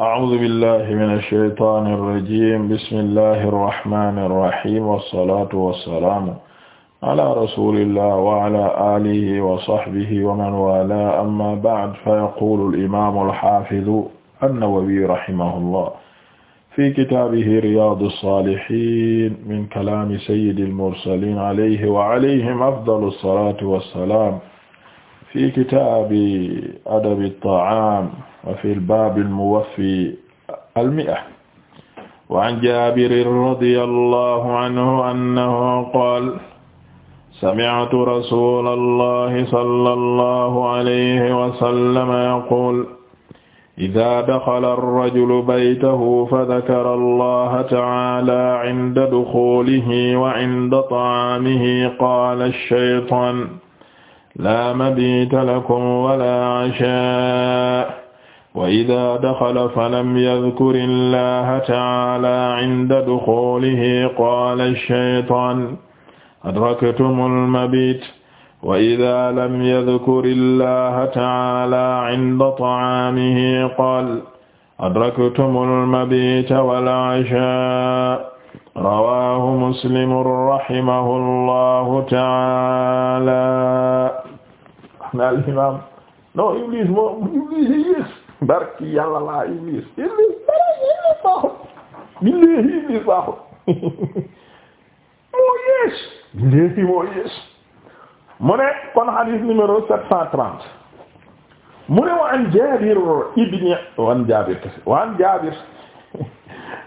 أعوذ بالله من الشيطان الرجيم بسم الله الرحمن الرحيم والصلاة والسلام على رسول الله وعلى آله وصحبه ومن والاه أما بعد فيقول الإمام الحافظ النووي رحمه الله في كتابه رياض الصالحين من كلام سيد المرسلين عليه وعليهم أفضل الصلاة والسلام في كتاب أدب الطعام wa fi al-baab al-muwaffi al-mi'a wa an Jaabir radiyallahu anhu annahu qaala sami'tu rasuulallahi sallallahu alayhi wa sallam yaquulu idaa daxala ar-rajulu baytahu fadakara allaha ta'aalaa 'inda duxuulihi wa 'inda ta'aamihi qaala ash-shaytaan laa mabiita lakum wa laa 'ashaa' wa idaa daxala falam yadkur allaha taala inda duxuulihi qaala ash-shaytaan adraktum al-mabiit wa idaa lam yadkur allaha taala inda tacaamihi qaala adraktum al-mabiita wal-cashaa rawaahu muslim rahimahu allahu taala. barki yàlla laa iblis iblis baaxul billahi iblis baaxul moo yees kon hadith numéro sept cent trente mu wa an Jaabir ibn wa an Jaabir wa an Jaabir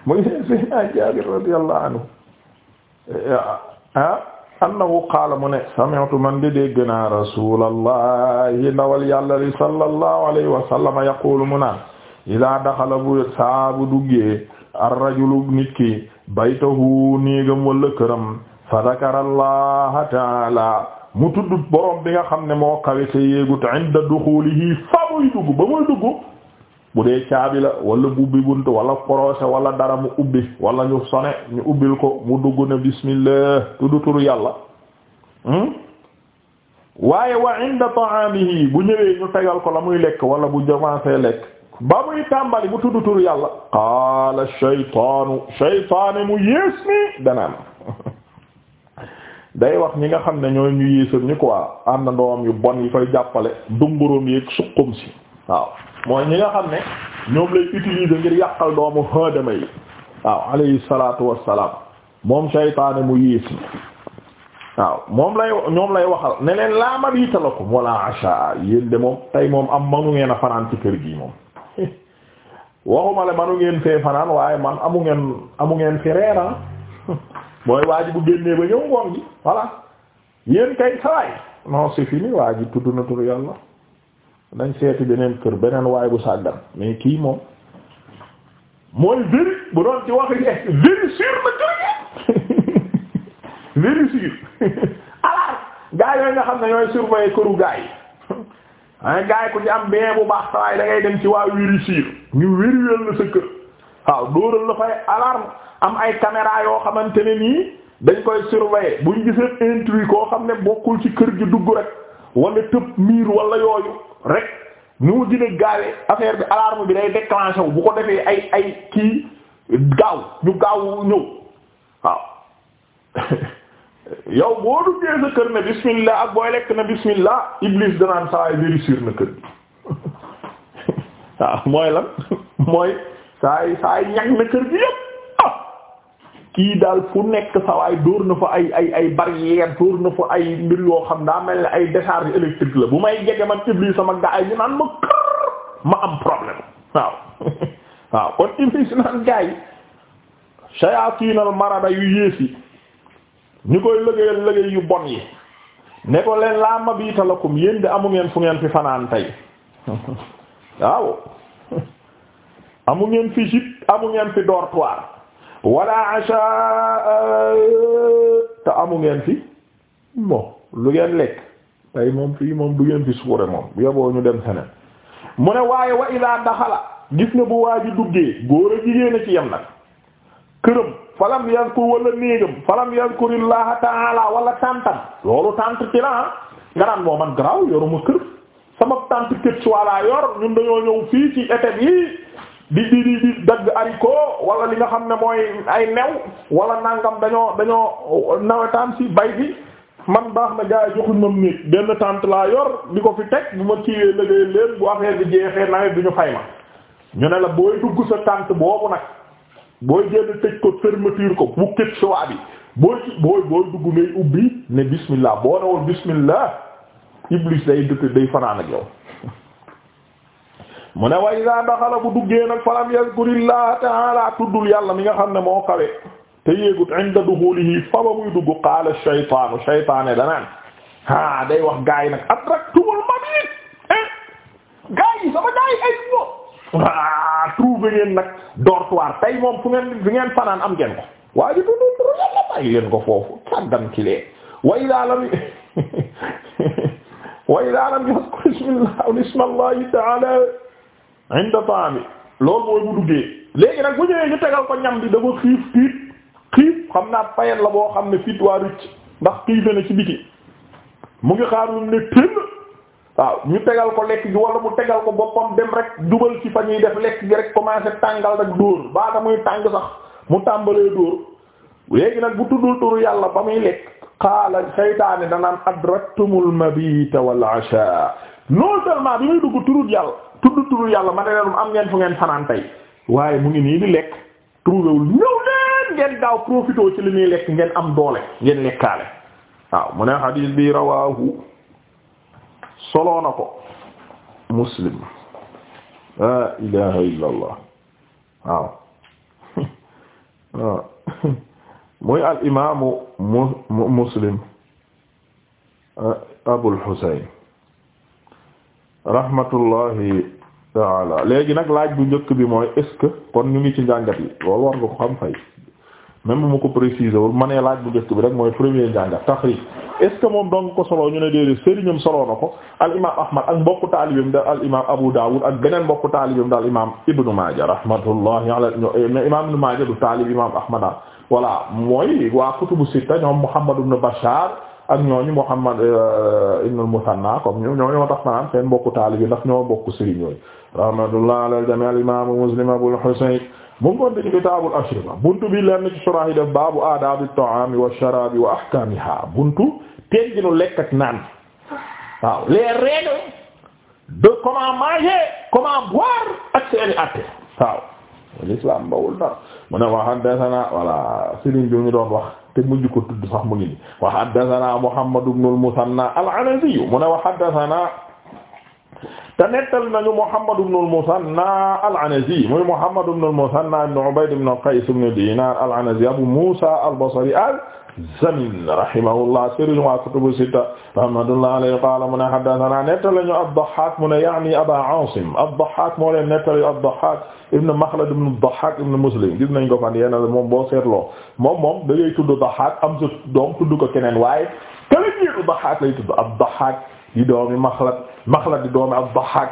muy Seydina Jaabir radiyallahu anhu eh, ah annahu qaala mu ne sami'tu man di dégg naa rasulallahi ndawal yàlla li sallallahu alayhi wa sallama yaqulu mu naan idaa daxala bu saabu duggee ar-rajulu nit ki baytahu néegam wala këram fa dakara allaha taala mu tudd boroom bi nga xam ne moo kawe te yéegut inda duxulihi fa muy dugg ba muy dugg bu dee caabi la wala bubbi bunt wala porosé wala dara mu ubbi wala ñu sone ñu ubbil ko mu dugg na bismillah tudd turu yàlla hmm? waaye wa inda ta'amihi bu ñëwee ñu tegal ko la muy lekk wala bu jamancé lekk ba muy tàmbali bu tudd turu yàlla qaala shaytaanu shaytaani mu yées mi day wax ñi nga xam ne ñooy ñu yéesam ñi quoi am na ndoom yu bon yi koy jàppale dumburóom yi suqum si waaw mooy ñi nga xam ne ñoom lay utiliser ngir yàqal doomu aadama yi waaw alayhi salaatu wassalaam moom shaytaane mu yiis waaw moom lay ñoom lay waxal ne leen laa mabita lakum wala asha yéen de moom tey moom am manu ngeen a fanaan ci kër gi moom waxuma la manu ngeen fee fanaan waaye man amu ngeen amu ngeen fi reera ah. mooy waa bu génnee ba ñëw ngoon gi voilà yéen kay sawaay non c'est fini waa ji tudd na tur yàlla nañ seeti beneen kër beneen waay bu sàggan mais kii moom mooy véri bu doon ci wax e véri sur na kër gi véri sur alors gaa nga xam ne ñooy surveiller këru gaa yi ah ku ci am bien bu baax tawaay da ngay dem ci waa véri sur ñu vérifier la sa kër waaw dóoral la fay am ay caméra yoo xamante ne nii dañ koy surveiller buñ gisee intrus koo xam ne bokkul ci kër gi dugg rek wala tëb miir wala yooyu rek ni mu gën a gaawee bi alarme bi day déclenché wu bu ko defee ay ay kii gaaw ñu gaaw ñëw waaw yow boo duggee sa kër ne bismillah ak booy lekk na bismillah iblis danaan saa yi réussir na kër waaw mooy lan mooy saa yi saa yi ñag na kër gi yëpp. kii daal fu nekk sawaay dóor na fa ay ay ay barrière dóor na fa ay mbir yoo xam daa mel ne ay décharge électrique la bu may jege man iblis sama gaa ay ñu naan ma kër ma am problème waaw marada yu yées yi ñu koy lëgëyal lëgëy yu bon yi ne ko leen laa mabita lakum yéen di amu ngeen fu ngeen fi fanaan tey waaw amu ngeen fi gîte amu ngeen fi dortoir wala ashaa euh, te amu ngeen fi bon lu ngeen lekk tey moom fii moom du ngeen fi suure moom yoboo ñu dem seneen mu ne waaye wa ila daxala gis nga bu waa ji duggee góor a jigéen a ci yem nag këram falam yazkur wala néegam falam yazkurillaha ta'ala wala tàntam loolu tànt ci la ah. nga naan moo man garaaw yoruma kër sama tànt kër ci walla yor ñun dañoo ñëw fii ci été yi di di di di dagg haricot wala li nga xam ne mooy ay new wala nangam dañoo dañoo nawetaan si bay bi man baax na gaa yi joxuñ ma nit benn tànt laa yor di ko fi teg bu ma kiiwee lëgéey leen bu affaire bi jeexee nawet duñu ñu ma ñu ne la booy dugg sa tànt boobu nag booy génn tëj ko fermeture ko bu kët sowa bi booy booy booy dugg ngay ubbi ne bismillah boo newul bismillah iblis day dëkk day fanaan ak yow mu ne wa iza daxala bu duggee nag falam yazkurillaha ta'ala tuddul yàlla mi nga xam ne moo kawe te yéegut inda duxulihi fa ba muy dugg qaala shaytaanu shaytaane danaan ah day wax gaa yi nag adraktumul mabiit eh gaa yi sama gaa yi ay moom ah trouvé ngeen nag dortoir tey moom fu ngeen fu ngeen fanaan am ngeen ko. waa ji tuddul turu yàlla bàyyi leen ko foofu sàggan ci lee wa iza lam wa iza lam yazkur ta'ala inda taami loolu mooy bu duggee léegi nag bu ñëwee ñu tegal ko ñam bi dafa xiif tiit xiif xam naa payen la boo xam ne fit waa rucc ndax xiife na ci biti mu ngi xaar mu ne tënn waaw ñu tegal ko lekk gi wala mu tegal ko boppam dem rek jubal ci fa ñuy def lekk gi rek commencé tàngal rek dóor baata muy tàng sax mu tàmbalee dóor léegi nag bu tuddul turu yàlla ba muy lekk xaala seytaane danaan adraktumul mabita wal asha non seulement bi muy dugg turut yàlla tudd turu yàlla ma ne leen am ngeen fanaan tey waaye mu ngi nii di lekk trouvé wul leen ngeen daaw profité ci li muy ngeen am doole ngeen lekkaale waaw mu ne xadiis bi rawaahu soloo na ko muslim laa ilaha illa allah muy al imaamu mu muslim abul xuseyn rahmatullahi taala léegi nag laaj bu njëkk bi mooy est-ce que kon ñu ngi ci njàngat yi loolu war nga ko xam fay même bu ma ko préciser wul ma nee laaj bu njëkk bi rek mooy premier njàngat tax est-ce que moom dong ko solo ñu ne déedéet sëriñam solo na ko al imaam Ahmad ak mbokku taalibam da al imaam Abu Dawud ak beneen mbokku taalibam da al imaam Ibn Maaja rahmatullahi ala eh, imaam Ibn Maaja du taalib imaam Ahmad ah. voilà mooy waa kutubu sitta ñoom Muhammad ibn Bashar ak ñooñu Muhammad euh, ibn al-Musanna comme ñoom ñoo ñoo tax maanaam seen ndax ñoo bokk sëriñ rahmatullah ala al al-imam Muslim Abul Husayn mu ngi kontine kitaabul ashriba buntu bi lenn ci def baabu aadaabi at-ta'aami wash-sharaabi wa ahkaamiha buntu tegginu lekk naan waaw les règles de comment manger ak seeni atte waaw l'islam bawul dara mu ne wa haddathana wala sëriñ bi ñu doon wax te mujj ko tudd sax mu ngi ni wa haddathana Muhammad ibn al-Musanna al-Anazi mu ne wa haddathana te nettal nañu Muhammad ibn al-Musanna al-Anazi muy Muhammad ibn al-Musanna ibn Ubayd ibn Qays ibn Dinar al-Anazi Abu Musa al-Basri Zamin rahimahullah sëriñ waa kutubu sitta rahmatullah alayhi qaala mu ne haddathana nettali ñu ad-Dahhaak mu ne yaani Aba Aasim ad-Dahhaak moo leen nettali ad-Dahhaak ibn Makhlad ibn ad-Dahhaak ibn Muslim gis nañ ko fan a la moom boo seetloo moom moom da ngay tudd Dahhaak am sa doom tudd ko keneen waaye kële jiitu Dahhaak lay tudd ad-Dahhaak di doomi Makhlad Makhlad di doomi ad-Dahhaak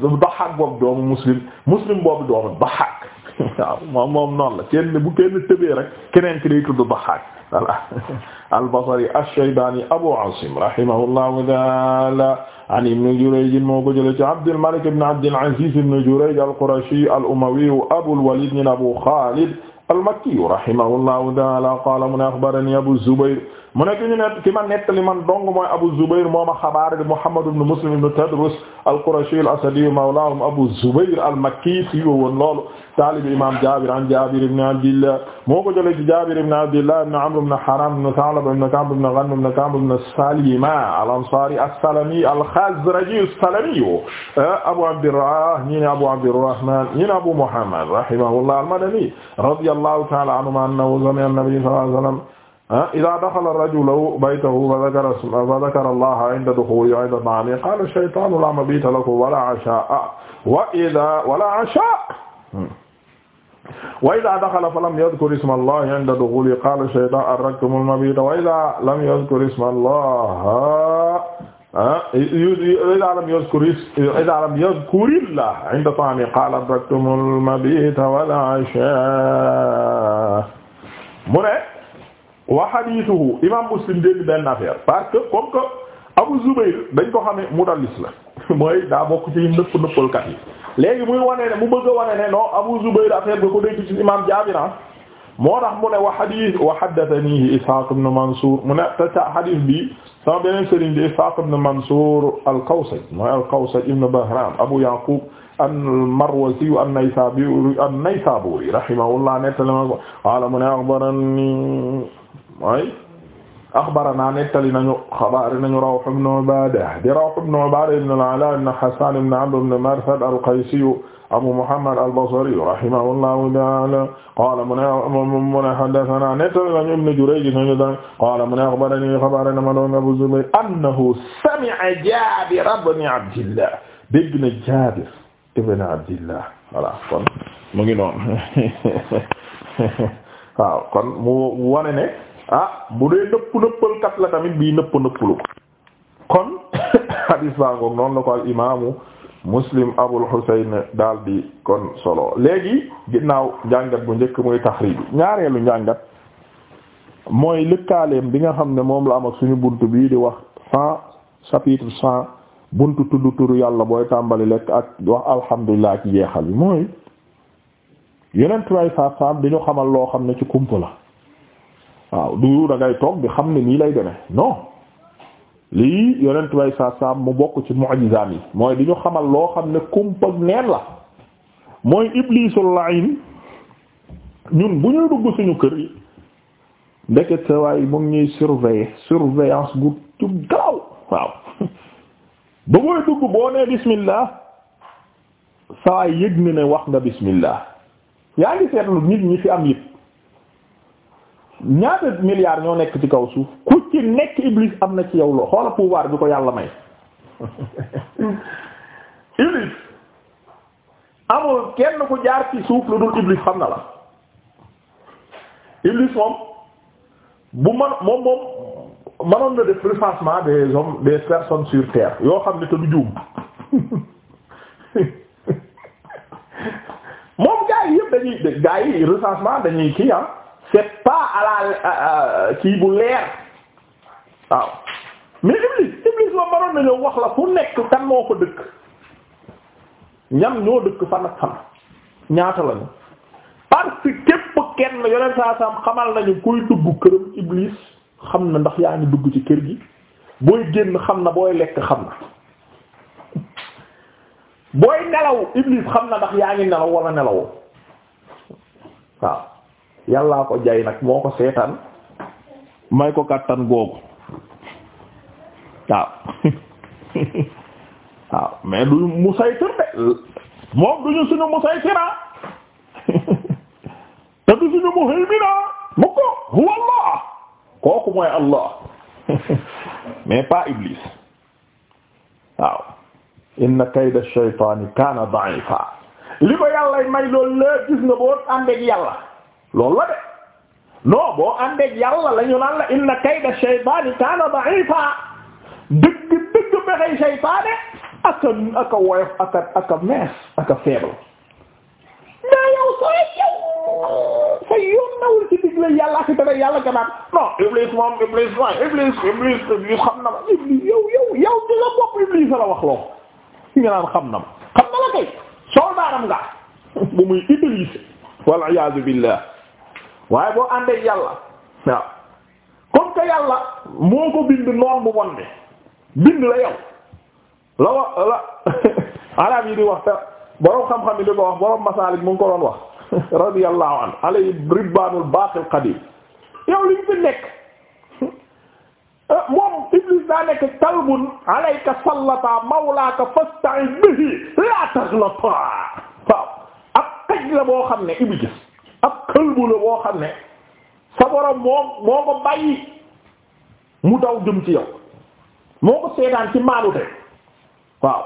ad-Dahhaak boobu doomu Muslim Muslim boobu doomi Dahhaak waaw moom moom noonu la kenn bu kenn tëbee rek keneen ki day tudd Dahhaak al-Basri ash-Shaybani Abu Asim rahimahullahu ta'ala an Ibn Jurayj moo ko jëlee ci Abdul Malik ibn Abdul Aziz ibn Jurayj al-Qurashi al-Umawi Abul Walid ibn Abu Khalid al-Makki rahimahullahu ta'ala qala mun akhbarani Abu Zubayr mu nekk ñu ne ki ma nettali man dong mooy Abu Zubair moo ma xabaar di Muhammad ibn Muslim ibn Tadrus al-Qurashi al-Asadi mawlahum Abu Zubair al-Makki si woon loolu taalib imam Jaabir an Jaabir ibn Abdillah moo ko jëlee ci Jaabir ibn Abdillah ibn Amr ibn Haram ibn Tha'laba ibn Ka'b ibn Ghanm ibn Ka'b ibn Salima al-Ansari as-Salami al-Khazraji as-Salami Abu Abdirrah ñi ne Abu Abdirrahman ñi ne Abu Muhammad rahimahullah al-Madani radiyallahu ta'ala anhu annahu sami'a an-nabiy sallallahu alayhi wa sallam Ah, idaa daxala rajulu baytahu fa zakara allaha inda duxuulihi wa inda naamihi qaala shaytaanu laa mabiita lahu wala ashaa'a wa idaa wala ashaa'a wa idaa daxala falam yadkur isma allahi inda duxuulihi qaala shaytaanu adraktumu al-mabiita wa idaa lam yadkur isma allahi ah, idaa lam yadkur idaa lam yadkuri llaha inda taamihi qaala adraktumu al-mabiita wala ashaa'a wa hadithuhu imam muslim dégg benn affaire parce que comme que Abu Zubayr dañ ko xam ne mudallis la mooy daa bokk ci nëpp nëppalkat yi léegi muy wane ne mu bëgg a wane ne non Abu Zubayr affaire bi ko dégg ci imam Jaabir ah. moo tax mu ne wa hadith wa haddathanihi Ishaq ibn Mansur mu ne te ca hadith bi sama beneen sëriñ di Ishaq ibn Mansur al-Kawsaj mooy al-Kawsaj ibn Bahram Abu Yaqub al-Marwazi an-Naysaburi an-Naysaburi rahimahullah nettali ma ko qaala mu ne akhbarani mooy axbarana nettali nañu xabaar nañu Rawh ibn Ubaada di Rawh ibn Ubaada ibn al-Alaa ibn Hasaan ibn Amr ibn Marsad al-Qaysi Abu Muhammad al-Basri rahimahullahu ta'aala qaala mu ne mu ne haddathanaa nettali nañu Ibn Jurayj nañu daal qaala mu ne axbaranii xabaar na ma doon Abu Zubayr annahu sami'a Jaabir ibn Abdillah dégg na Jaabir ibn Abdillah voilà kon mu ngi noonu waaw kon mu wane ne ah bu dee nëpp nëppal kat la tamit bii nëpp nëppalu ko kon hadis baa ngoog noonu la ko al imaamu muslim abul husayn daal di kon solo léegi ginnaaw njàngat bu njëkk muy taxrij ñaareelu njàngat mooy lëkkaaleem bi nga xam ne moom la am ak suñu bunt bii di wax cent chapitre cent bunt tudd turu yàlla booy tàmbali lekk ak wax alhamdulilah ak yeexal yi mooy yeneen turay sa sam di ñu xamal loo xam ne ci kump la waaw du da ngay toog di xam ne nii lay demee non lii yonent way saa mu bokk ci mu'jizaam yi mooy di ñu xamal loo xam ne kumpag neen la mooy iblisul la'in ñun bu ñuy dugg suñu kër yi ndeket sa waay mu ngi ñuy surveiller surveillance gu cu gaaw waaw ba mooy dugg boo nee bismillah saa yëg ni ne wax nga bismillah yaa ngi seetlu nit ñi fi am yit ñaata milliards ñoo nekk ci kaw suuf ku ci nekk Iblis am na ci yow loo xoola pouvoir bi ko yàlla may Iblis amul kenn ku jaar ci suuf lu dul Iblis xam na la Iblis moom bu man moom moom manoon na def recensement des hommes des personnes sur terre yoo xam ni te du juum moom gaa yi yëpp dañuy gaa yi recensement dañuy kii ah c'est pas à la euh, euh, bu leer waaw mais iblis iblis la maroon na ñëw wax la fu nekk kan moo ko dëkk ñam ñoo dëkk fan ak fan ñaata lañu parce que kenn yoneen saa saam xamal nañu kuy dugg këram iblis xam na ndax yaa ngi dugg ci kër gi booy génn xam na booy lekk xam na booy nelaw iblis xam na ndax yaa ngi nelaw wala nelawoo waaw yàllaa ko jay nag moo ko seetaan may ko kàttan googu waaw waaw mais du musaytir de moom duñu suñu musaytira te du suñu muhaymina mu ko huwa allah kooku mooy allah mais pas iblis waaw inna kayda shaytaani kaana da'ifa li ko yàlla may loolu lépp gis nga boo àndeek yàlla loolu la de non boo àndeeg yàlla la ñu naan la inna kayda shaytaani kaana da'ifa dëgg dëgg pexey shaytaane aka aka woyof aka aka mees aka faible mais yow sooy yow sa yoon nawul ci digle yàlla ak dara yàlla gannaaw non iblis moom iblis waay iblis iblis iblis xam na ma iblis yow yow yow ci la bopp iblis la wax loo nga naan xam na ma xam na la kay soldaaram nga bu muy iblis wal iyaazu billah waaye boo àndeek yàlla waaw comme yàlla moo ko bind noon bu bon bi bind la yow la wax la arab yi di wax ta boroom xam-xam yi di ko wax boroom masaalik mu ko doon wax radiyallahu anhu alay ribbaanul baaqil qadim yow liñ fi la taxlata eh, waaw ab la boo xam ne iblis xëlbu la boo xam ne sa borom moo moo ko bàyyi mu taw jëm ci yow moo ko seetaan ci maalute waaw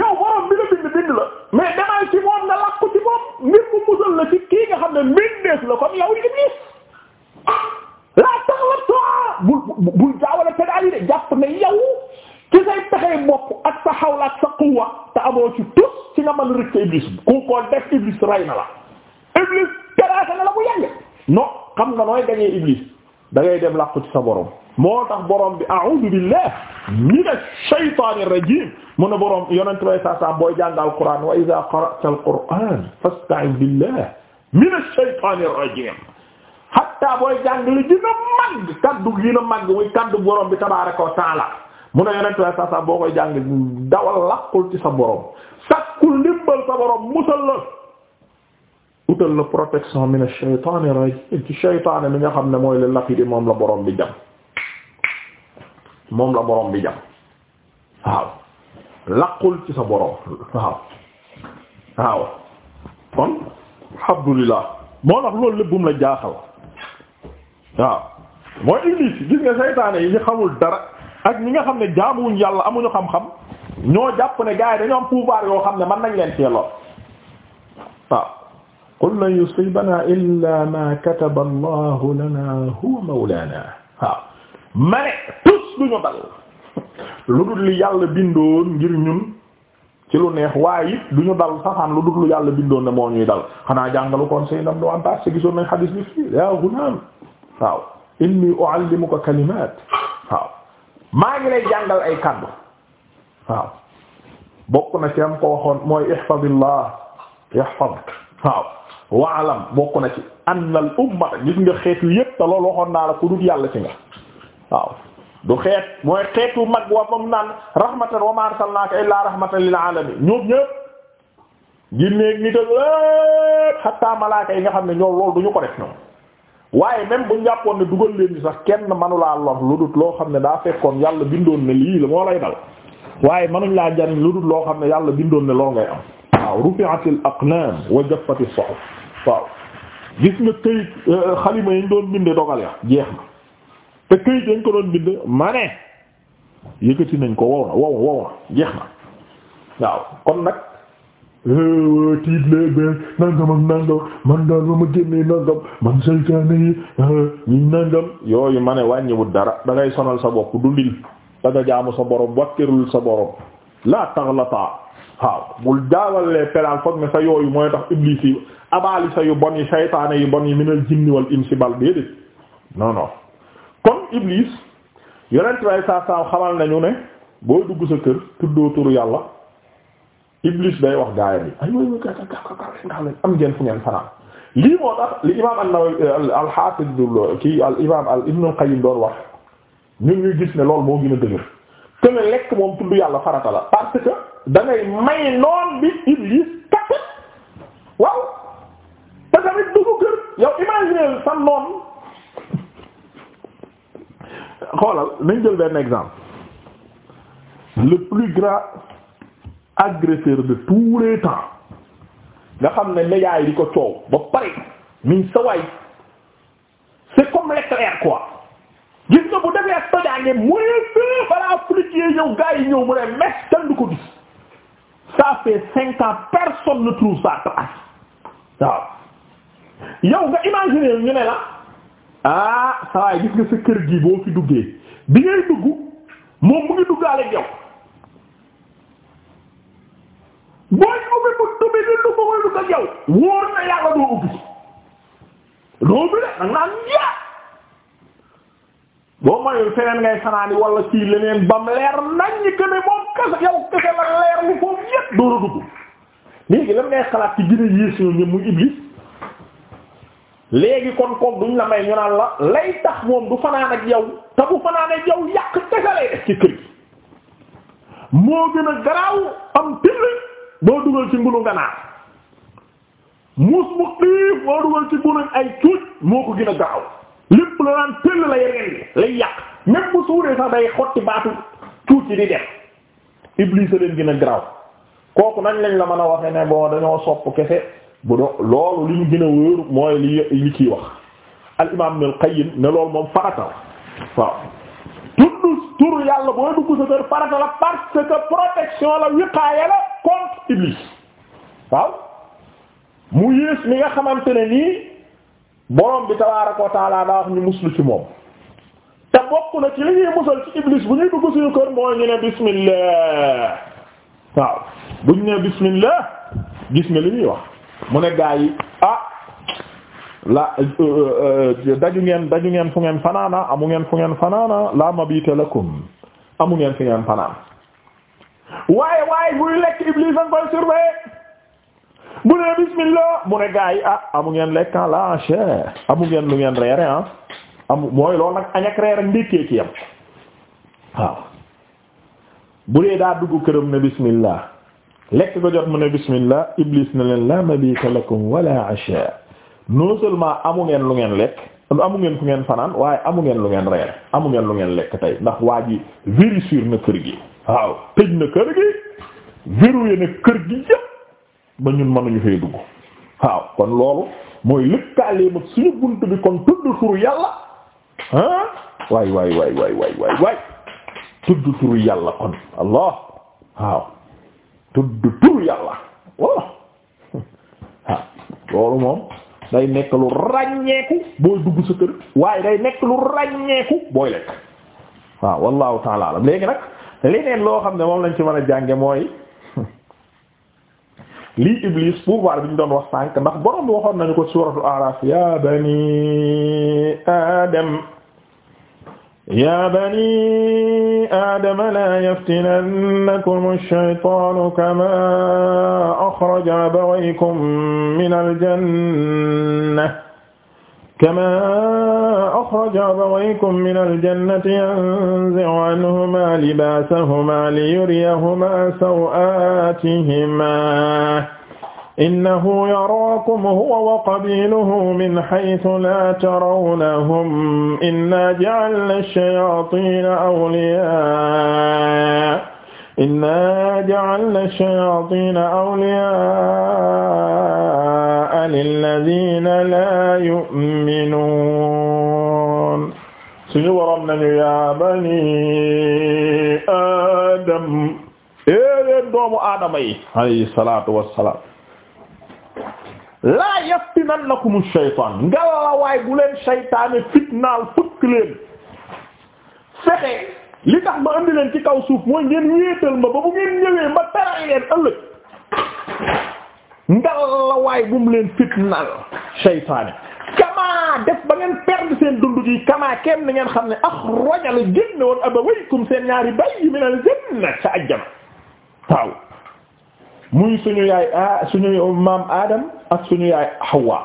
yow borom bi bind bind la mais demal ci moom nga lakku ci moom ngir mu musal la ci kii nga xam ne mbindeef la comme yow Iblis laa tax la toa bul bul jaawale te yi de jàpp ne yow ci say pexey bopp ak sa xawla ak sa quwwa te amoo tus ci nga mën Iblis ku ko def Iblis rey na la iblis terrasse na la bu yàgg non xam nga nooy gañee iblis da dem làqu ci sa borom moo tax borom bi a'udhu billah minash shaytanir rajim mu a borom yonent bay saa saa booy jàng alquran wa idha qara'ta alquran fasta'in billah minash shaytanir rajim hatta booy jàng li gën a màgg kaddu gën a màgg muy kaddu borom bi tabaraka wa taala mu ne yonent bay saa saa boo koy jàng dawal làqul ci sa borom sakkul ndimbal sa borom musal la utal la protection min ash-shaytaani rajiim ci shaytaan mi nga xam ne mooy le lapidi moom la borom bi jam moom la borom bi jam waaw laqul ci sa borom waaw waaw kon alhamdulillah moo tax loolu lépp la jaaxal waaw mooy Iblis gis nga seytaane yi ñu xamul dara ak ñi nga xam ne jaamuwuñ yàlla amuñu xam-xam ñoo jàpp ne gars yi dañoo am pouvoir yoo xam ne man nañ leen ci lool qul lan yusiibanaa illaa maa kataba allahu lanaa huwa mawlaanaa waaw ma ne tus du ñu dal lu dul li yàlla bindoon ngir ñun ci lu neex waaye it du ñu dal safaan lu dul lu yàlla bindoon ne moo ñuy dal xanaa jàngalu kon say ndam do am passe gisoon nañ xadiis bi fii yaa gulaam waaw inni uallimuka kalimaat waaw maa ngi lay jàngal ay kàddu waaw bokk na ci am ko waxoon mooy ihfadillah yahfaduk waaw waalam bokk na ci annal umma gis nga xeetu yépp te loolu waxoon naa la ku dut yàlla ci nga waaw du xeet mooy xeetu mag wa moom naan rahmatan wa ma arsalnaaka illaa rahmatan lil alamin ñoom ñépp ginneeg nit ak lépp xatta yi nga xam ne ñoom loolu du ñu ko def ñoom waaye même bu jàppoon ne dugal leen ni sax kenn manulaa lor lu dut loo xam ne daa fekkoon yàlla bindoon ne lii la moo lay dal waaye manuñ laa jariñ lu dut loo xam ne yàlla bindoon ne loo waaw rufi'atil aqlaam wa jaffatis suhuf waaw gis nga këyit euh, xalima yi ñu doon binde dogal ya jeex na te këyit yañ ko doon bind ma ne yëkkati nañ ko wow na wow na wow na jeex na waaw kon nag euh, tiit lee bee nangam ak nangam man daal ba ma génnee nangam man saytaane yi euh, ñu nangam yooyu ma ne wàññiwut dara da sonal sa bopp du lil da jaamu sa borom wakkirul sa borom laa tax waaw bul jaawalee peral foog ne sa yooyu mooy tax iblis yi abaali sa bon yi saytaane yi bon yi minal jinni wal insi bal déedéet non non kon iblis yonent way saa saa xamal nañu ne boo dugg sa kër tuddoo turu yàlla iblis day wax gaayam yi ay wooy ga ga leen am ngeen fu ngeen fanaan lii moo tax li imam an-Nawawi al-Hafiz kii al imam al Ibn al-Qayyim doon wax ñun ñu gis ne loolu moo gën a dëgër te ne lekk moom tudd yàlla farata la parce que da ngay may noon bi Iblis kàttan waaw te tamit du ko gër yow imagine sa noon xoolal nañ jël benn exemple le plus grand agresseur de tous les temps nga xam ne médias yi di ko coow ba pare miñ sa waay c'est comme l'éclair quoi gis nga bu defee tojaange mu balaa flic yi ñëw gaa yi ñëw mu ne mes kenn du ça fait cinq ans personne ne trouve sa trace waaw yow nga imaginer ñu ne la ah saa yi gis nga sa kër gi boo fi duggee bi ngay dugg moom mu ngi duggaale ak yow booy ubbi mu ubbi di dugg muy dugg ak yow wóor na yàlla doo ubbi doo ubbi de da nga naan boo mayul feneen ngay fanaani wala ci leneen bam leer nañ que ne moom kese yow kese la leer wu foofu yépp door a dugg léegi lan ngay xalaat ci gën a yées ñoom iblis léegi kon koog duñ la may ñu la lay tax moom du fanaan ak yow te bu fanaan ak yow yàq kese lay def ci kër gi moo gën a garaaw am till boo dugal ci ngunu ganaar muus mu xiif boo dugal ci ngunu ay cuuj moo ko gën a garaaw. lépp la daan tëll la yeneen lay yàq même bu suuree sax day xotti baatu tuuti di def Iblis a leen gën graw kooku nañ lañ la mën a waxe ne boo dañoo sopp kese bu do loolu li ñu gën a mooy li li ciy wax al imaam Ibnul Qayyim ne loolu moom farata la waaw tudd tur yàlla booy dugg sa kër farata la parce que protection la wiqaaya la contre Iblis waaw mu yées mi nga xamante ne nii borom bi tabaaraka wa taala daa wax ñu muslu ci moom te bokk na ci li ñuy musal ci iblis bu ñuy dugg suñu kër mooy ñu ne bismillah waaw bu ñu ne bismillah gis nga li ñuy wax mu ne yi ah euh, euh, euh, daju ngeen daju ngeen fu ngeen fanaana amu ngeen fu ngeen fanaana la mabita lakum amu ngeen fi ngeen fanaan waaye waaye buy lekk iblis ak koy surveiller bu ne bismillah mu ne gaa yi ah amu ngeen lekk ah, la encher amu ngeen lu ngeen reere ah amu mooy loolu nag añak reer ak ndékkee ci yam waaw bu dee daa dugg këram ne bismillah lekk ko jot mu ne bismillah iblis na leen la mabita lakum wala asha non seulement amu ngeen lu ngeen lekk amu ngeen fu ngeen fanaan waaye amu ngeen lu ngeen reer amu ngeen lu ngeen lekk tey ndax waa ji vérissure na kër gi waaw tëj na kër gi verrouillé na kër gi yëpp ba ñun mënuñu fay dugg waaw kon loolu mooy lëkkaalee mag suñu bunt bi kon tudd turu yàlla ah waay waay waay tudd turu yàlla kon allah waaw tudd turu yàlla waaw waaw loolu moom day nekk ràññeeku booy dugg sa kër waaye day nekk lu ràññeeku booy lekk waaw wallahu taala léegi nag leneen loo xam ne moom lañ ci mën a jànge mooy lii Iblis pouvoir bi ñu doon wax sànq ndax borom bi waxoon nañu ko suuratul A'raaf ya bani Adam ya bani aadama laa yaftinannakum ash-shaytaanu kamaa axraja abawaykum minal janna kamaa axraja abawaykum minal jannati yanzi'u anhumaa libaasahumaa liyuriyahumaa saw'aatihimaa innahu yaraakum huwa wa qabiiluhu min haythu laa tarawnahum innaa ja'alnaa ash-shayaatiina awliyaa inna ja'alna ash-shayaatiina awliyaa'a lillaziina laa yu'minuun suñu waroon nañu yaa banii aadam éedéen doomu aadama yi alayhi salaatu wassalaam laa yaftinannakumu ash-shaytaan ngalla waay bu leen shaytaane fitnaal fëkk leen fexe li tax ma andi leen ci kaw suuf mooy ngeen wéetal ma ba bu ngeen ñëwee ma taray leen ëllëg ngal la waay bu mu leen fitnaal seytaane kamaa def ba ngeen perdre seen dund gi kamaa kenn ni ngeen xam ne axraja la génne woon abawaykum seen ñaari bayyi min al janna sa ajjana waaw muy suñu yaay a ah, suñu maam Adam ak suñu yaay Hawa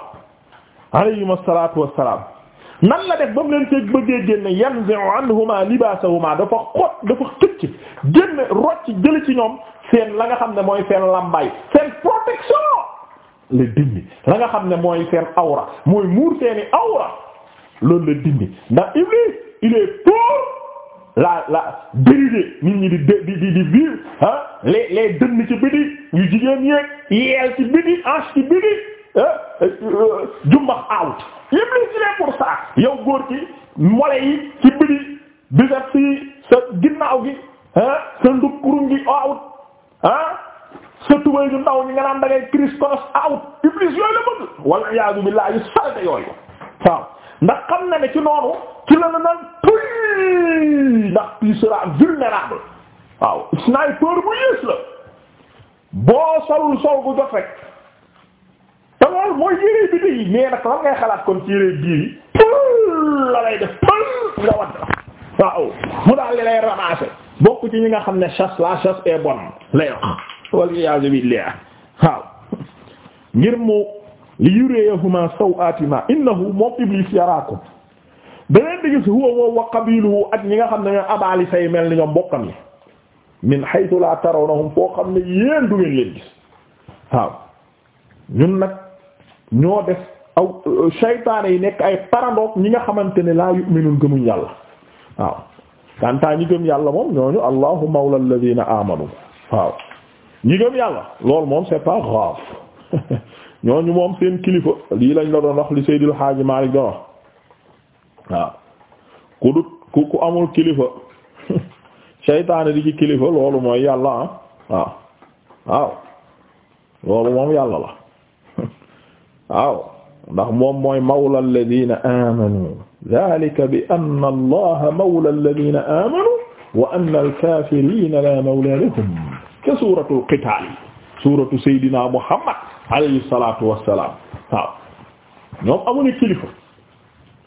alayhim asalatu wassalam nan la def ba mu leen see bëggee génne yanzi'u anhuma libaasahuma dafa xot dafa xëcc génne rocc jële ci ñoom seen la nga xam ne mooy seen làmbaay seen protection la dindi la nga xam ne mooy seen awra mooy muur seeni awra loolu la dindi ndax Iblis il pour la la dérider nit ñi di di di di vivre ah les les dënn ci biti yu jigéen yeeg yeel ci biti hanche ci biti ah out Iblis il est pour ça yow góor ci mole yi ci sa ginnaaw gi ah sa ndug gi awut ah sa tubay ju ndaw ñi nga naan da ngay crise konos awut Iblis yooyu la bëgg wala iyasu billaa yu salte yooyu ndax xam na ci noonu ci la na naan tuy ndax tu seras vulnérable waaw sniper bu yées la boo solul sol gu jot rek te loolu mooy yére bi tey mais nag lan ngay xalaat kon ci yére biir yi pël la lay def pël nga wadd waaw mu daal li lay ramasser bokk ci ñi nga xam ne chasse la chasse est bonne lay wax wal iyaazu billah waaw ngir mu li yuriyahuma sawatima innahu moom iblis yaraakum beneen di gis huwa moom wa qabiluhu ak ñi nga xam ne ñoo abaali say mel ni ñoom bokkam yi min haythu la tarawnahum foo xam ne yéen du ngeen leen gis waaw ñun nag ñoo def aw euh, saytaane yi nekk ay parandoog ñi nga xamante ne laa yu'minuun gëmuñ yàlla waaw kantaa ñi gëm yàlla moom ñooñu allahu mawla alladhina amanu waaw ñi gëm yàlla loolu moom c'est pas grave ñooñu moom seen kilifa lii lañ la doon wax li Seydil Hadji Malick doon waaw ku dut ku ku amul kilifa saytaane di ci kilifa loolu mooy yàlla ah waaw waaw loolu moom yàlla la waaw ndax moom mooy mawla alladina amanu dalika bi anna allaha mawla alladina amanu wa anna alkafirina la mawla lahum ke suratu alqital suratu saydina muhammad alayhi salatu wassalam waaw ñoom amuñu kilifa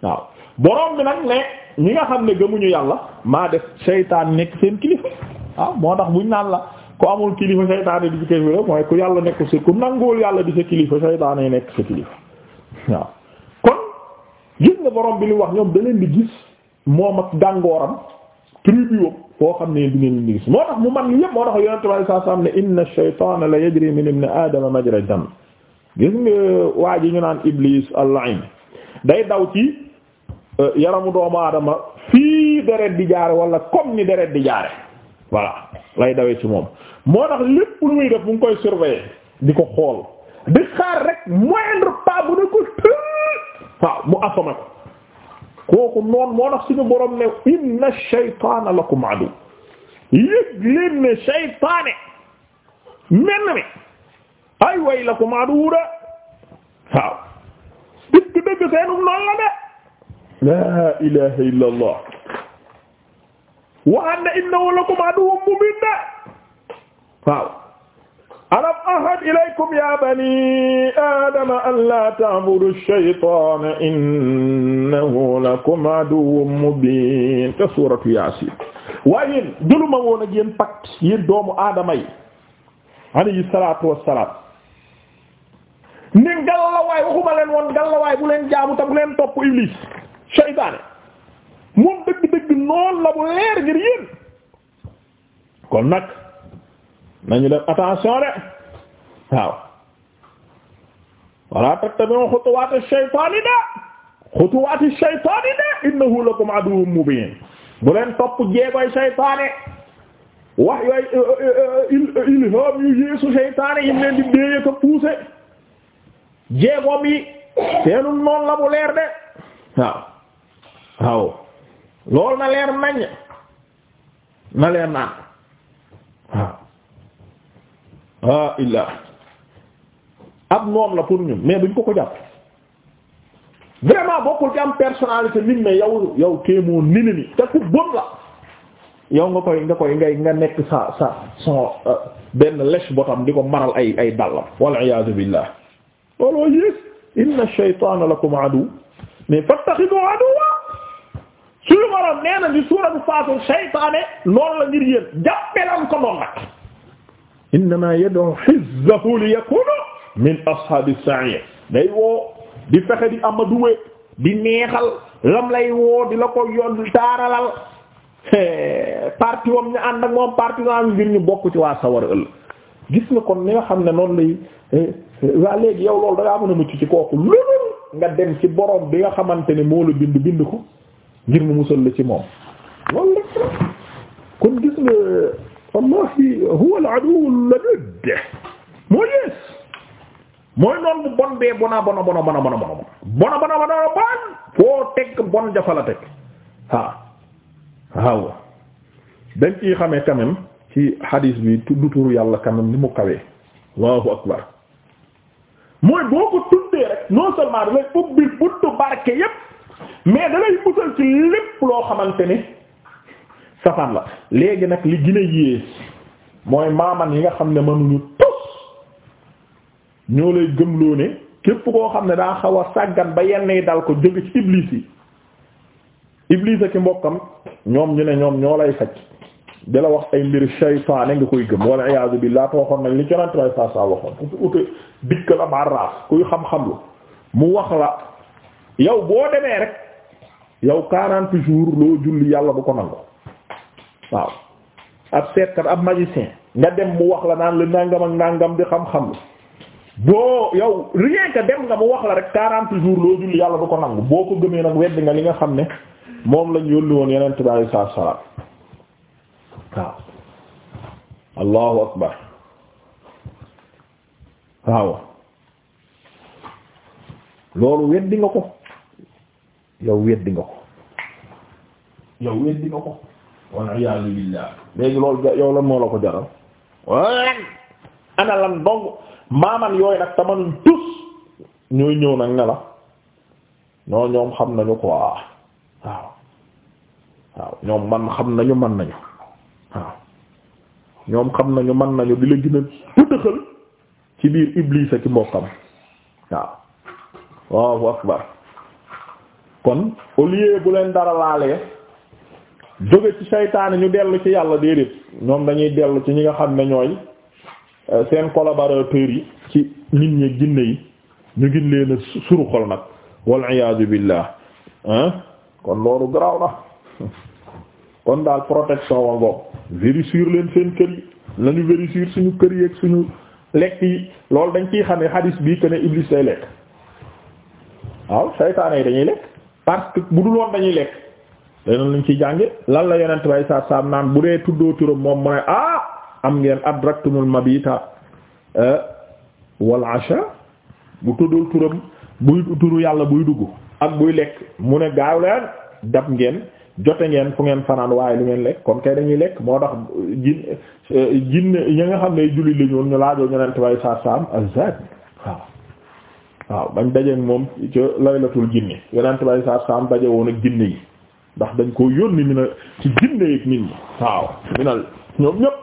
waaw borom bi nag ne ñi nga xam ne gëmuñu yàlla maa def seytaan nekk seen kilifa waaw moo tax buñ naan la ku amul kilifa saytaane di ci kilifa mooy ku yàlla nekk si ku nanguwul yàlla di sa kilifa saytaane yi nekk sa kilifa waaw kon gis nga borom bi li wax ñoom daleen leen di gis moom ak dàngooram tribu foo xam ne du ngeen di gis moo tax mu man yépp moo tax yonente bi saa saam ne inna shaytaana la yajri min ibni aadama majra dam gis nga waa ji ñu naan iblis al-la'in day daw ci euh, yaramu doomu aadama fii deret di jaare wala comme ni deret di jaare voilà lay ci moom moo tax lépp lu muy def mu ngi koy surveiller di ko xool di xaar rek moindre pas bu ne ko waaw mu asome kooku noonu moo tax suñu borom ne inna shaytaana lakum adu yëg leen ne shaytaane menn ay way lakum adu da waaw dëgg dëgg seenum noonu la de la ilaha illa allah wa anna innahu lakum aduwwun mubin waaw alam ahad ilaykum ya bani adama an la ta'budu ash-shaytana innahu lakum aduwwun mubin te suratu yasin waaye yéen jëluma woon ak doomu aadama yi alayhi salatu wassalam ni ngallaawaay waxuma leen woon ngallaawaay bu leen jaamu ta bu leen topp iblis shaytaane moom dëgg-dëgg leer ngir yéen kon nag nañu def attention de waaw wala tattabi'u xutuwaati shaytaani de xutuwaati de innahu lakum aduwwun mubin bu topp jéegoy shaytaane wax yooyu euh, euh, euh, ilham yu yéesu shaytaane di déeye ko pousser jéegoom yi seenum noonu la bu leer de waaw waaw loolu na leer nañ na leer naan ah illah ab noom la pour ñun mais duñ ko ko jàpp vraiment bokkul ci am personnalité nit mais yow yow kéemoo nini ni ku bon la yow nga koy nga koy ngay nga nekk sa sa son euh, benn lèche botam di ko maral ay ay dallam wal iyaazu billah looloo yées inna shaytaana lakum adu mais fattaxidu aduwa suñu waroon nee na di suuratu faatu shaytaane loolu la ngir yéen jàppelan ko noonu nag innama yad'u hizbahu liyakunu min ashabi sa'ir day woo di fexe di amaduwe di neexal lam lay woo di la ko yoon taaralal parti wam ñu ànd ak moom parti am ngir ñu bokk ci waa sawar ëll gis na kon ni nga xam ne noonu lay eh, eh, waa léegi yow loolu da ngaa mën a mucc ci kooku loolu nga dem ci borom bi nga xamante ne moo la bind bind ko ngir mu musal la ci moom loolu la kon gis nga wallahi huwa al-aduwwu al-ladud moo yées mooy noon bu bon bee bona bona bona bona bona bona bona bona bona bona foo teg bon jafala teg waaw waaw dañ ciy xamee quand même ci hadis bi tudd turu yàlla quand même ni mu kawee allahu akbar mooy boo ko tuddee rek non seulement da lay ubbi buntu barke yépp mais da lay musal ci lépp loo xamante ni safaan la léegi nag li gën a yées mooy maaman yi nga xam ne mënuñu tos ñoo lay gëmloo ne képp koo xam ne daa xaw a ba yenn yi dal ko jóge ci iblis yi iblis ci mbokkam ñoom ñu ne ñoom ñoo lay faj da la wax ay mbir shaytaane nga koy gëm wala iyaazu billaah te waxoon nañ li conante way saa saa waxoon ku fi ute dikk la barraaf kuy xam-xam lu mu wax la yow boo demee rek yow quarante jours loo julli yàlla bu ko nangu waaw ab seetkat ab magicien nga dem mu wax la naan la nàngam ak nangam di xam-xam boo yow rien dem nga mu wax la rek quarante jours loo julli yàlla du ko nangu boo ko gëmee nag weddi nga li nga xam ne moom lañ yónni woon yeneen tubaab yi saa salaam waaw allahu akbar waaw loolu weddi nga ko yow weddi nga ko yow weddi nga ko wal iyaazu billah léegi loolu yow lan moo la ko jaral lan ana lan dong maaman yooyu nag tamanuñ tus ñooy ñëw nag ne la ñoo ñoom xam nañu quoi waaw waaw ñoom man xam nañu man nañu waaw ñoom xam nañu man nañu di la gën a ci biir Iblis ak mbokkam waaw waaw akbar kon au lieu bu leen dara laalee jóge ci saytaane ñu dellu ci yàlla déedéet ñoom dañuy dellu ci ñi nga xam ne ñooy euh, seen collaborateurs yi ci nit ñi ginne yi ñu gin leen a suru xol nag wal iyaadu billah hein kon loolu garaaw na kon daal protection wa ngoom vérifier leen seen kër yi lañu vérifier suñu kër yi ak suñu lekk yi loolu dañ ciy xamee hadis bii que ne iblis day lekk waaw saytaane yi dañuy lekk parce que bu dul woon dañuy lekk leneen luñ ci jànge lan la yonent bay saa saam naan bu dee tuddoo turam moom mu ne ah am ngeen adraktumul mabita eh, wal asha bu tuddul turam buy turu yàlla buy duggu ak buy lekk mu ne gaaw leen dab ngeen jote ngeen fu ngeen fanaan waaye lu ngeen lekk kon kay dañuy lekk moo tax jin eh, jin ñi nga xam ne julli la ñu laajoo yonent bay saa saam azad waaw waaw bañ dajeeg moom ca laylatul jinni yonent bay saa saam daje woon ak jinni yi ndax dañ koo yónni mi na ci jinne yeeg nit mi na ñoom ñëpp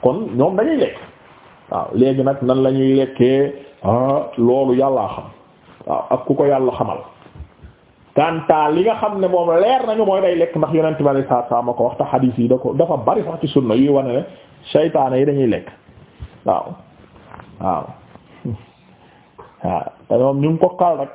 kon ñoom dañuy lekk waaw léegi nag nan la ñuy lekkee ah, loolu yàllaa xam waaw ak ku ko yàlla xamal kanta li nga xam ne moom leer nañu mooy day lekk ndax yonent bi alei saatu salaam ko wax te xadiis yi da ko dafa bari sax ci sunna yuy wane ne saytaane yi dañuy lekk waaw waaw waaw te ñoom ñu ko kal rek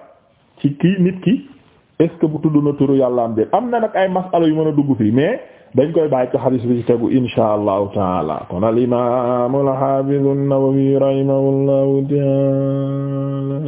ci kii nit ki est-ce que bu tudd na turu yàlla am déet am na nag ay masala yu mën a dugg fii mais dañ koy bàyyi ci xadis bi ci tegu insha allahu taala kon al imaam al haafiz an-Nawawi rahimahullahu taala